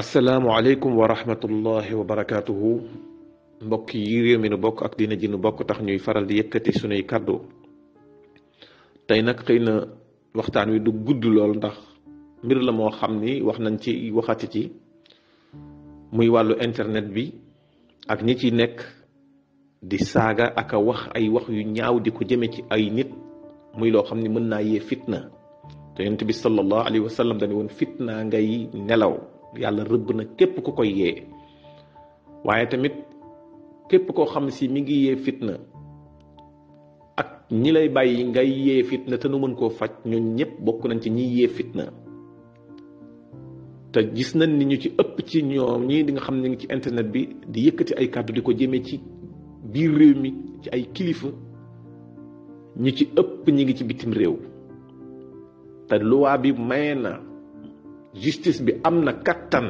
asalaamaaleykum wa rahmatullahi wa barakaatuhu mbokk yi réew mi nu bokk ak diine ji nu bokk tax ñuy faral di yëkkati sunuy kàddu tey nag xëy na waxtaan wi du gudd lool ndax mbir la moo xam ni wax nañ ci waxati ci muy wàllu internet bi ak ñi ci nekk di saaga ak a wax ay wax yu ñaaw di ko jëme ci ay nit muy loo xam ni mën naa yee fitna te yonent bi sallallahu alayhi wa sallam dañu woon fitna ngay nelaw yàlla rëbb na képp ku ko yee waaye tamit képp koo xam si mi ngi yee fitna ak ñi lay bàyyi ngay yee fitna te nu mën koo faj ñun ñëpp bokk nañ ci ñi yee fitna te gis na ni ñu ci ëpp ci ñoom ñii di nga xam ne ngi ci internet bi di yëkkati ay kàddu di ko jëmee ci biir réew mi ci ay kilifa ñu ci ëpp ñu ngi ci bitim réew te luwaa bi maye na justice bi amna na kattan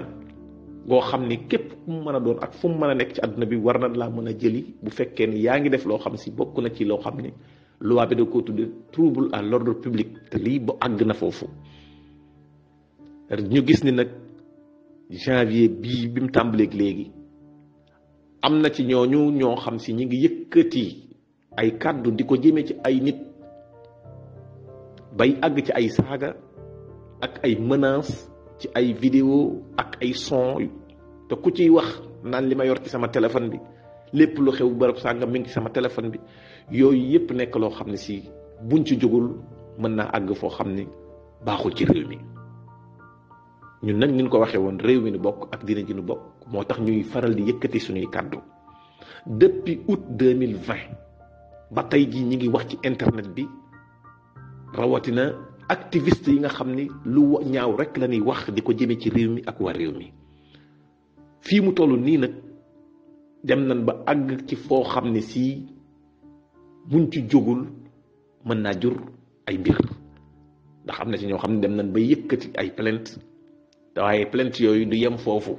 goo xam ni képp ku mën a doon ak fu mu mën a nekk ci àdduna bi war na laa mën a jëli bu fekkee ni yaa ngi def loo xam si bokk na ci loo xam ni loi bi da koo tudde trouble à l'ordre public te lii ba àgg na foofu ñu gis ni nag janvier bii bi mu tàmbaleeg léegi am na ci ñooñu ñoo xam si ñi ngi yëkkati ay kàddu di ko jëmee ci ay nit bay àgg ci ay saaga ak ay menaces ci ay vidéo ak ay son te ku ciy wax naan li ma yor ci sama téléphone bi lépp lu xew bërëb mi ngi sama téléphone bi yooyu yépp nekk loo xam ne si buñ ci jógul mën naa àgg foo xam ni baaxul ci réew mi ñun nag ñu ko waxee woon réew mi ni bokk ak dina ji nu bokk moo tax ñuy faral di yëkkati suñuy kàddu depuis août 2020 ba tey gi ñi ngi wax ci internet bi rawatina activiste yi nga xam ni lu ñaaw rek la ñuy wax di ko jëmee ci réew mi ak wa réew mi fii mu toll nii nag dem nañ ba àgg ci foo xam ne sii buñ ci jógul mën naa jur ay mbir ndax am ci ñoo xam dem nañ ba yëkkati ay plainte te waaye plainte yooyu du yem foofu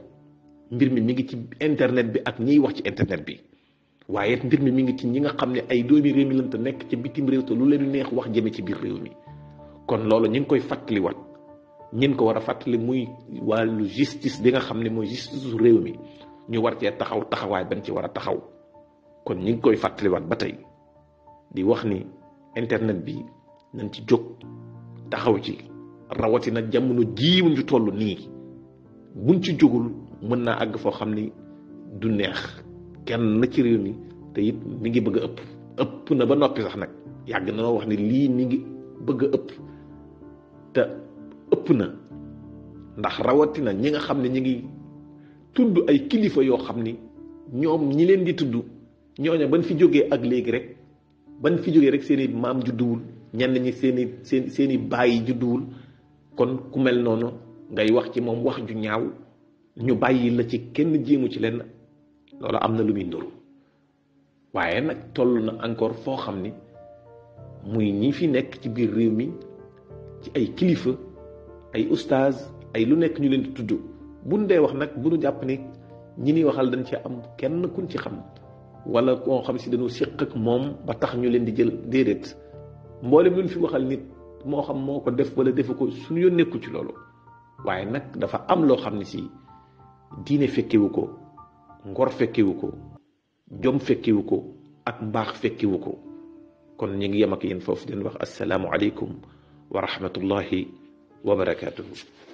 mbir mi mi ngi ci internet bi ak ñiy wax ci internet bi waaye mbir mi mi ngi ci ñi nga xam ne ay doomi réew mi lañ te nekk ca bitim réew te lu leen neex wax jëme ci biir réew mi kon loolu ñu ngi koy fàttaliwaat ñin ko war a fàttali muy wàllu justice bi nga xam ne mooy justice su réew mi ñu war cee taxaw taxawaay bañ ci war a taxaw kon ñu ngi koy fàttaliwaat ba tey di wax ni internet bi nañ ci jóg taxaw ci rawatina jamono jii ñu toll nii buñ ci jógul mën naa àgg foo xam ni du neex genn na ci réew mi te it mi ngi bëgg a ëpp ëpp na ba noppi sax nag yàgg na noo wax ni lii mi ngi bëgg ëpp te ëpp na ndax rawatina ñi nga xam ne ñi ngi tudd ay kilifa yoo xam ni ñoom ñi leen di tudd ñooña ban fi jógee ak léegi rek ban fi jógee rek seen maam judduwul ñenn ñi seen i seen bàyyi judduwul kon ku mel noonu ngay wax ci moom wax ju ñaaw ñu bàyyi la ci kenn jéemu ci lenn loolu am na lu muy nduru waaye nag toll na encore foo xam ni muy ñi fi nekk ci biir réew mi ci ay kilifa ay oustaz ay lu nekk ñu leen di tudd buñ dee wax nag bu ñu jàpp ni ñi ni waxal dañ ci am kenn kuñ ci xam wala koo xam si dañu séq ak moom ba tax ñu leen di jël déedéet mboolem lu ñu fi waxal nit moo xam moo ko def wala defu ko suñu yoon nekku ci loolu waaye nag dafa am loo xam ne si diine fekkewu ko ngor fekkewu ko jom fekkewu ko ak mbaax fekkewu ko kon ñu ngi yem ak yéen foofu den wax asalaamu aleykum ورحمة الله وبركاته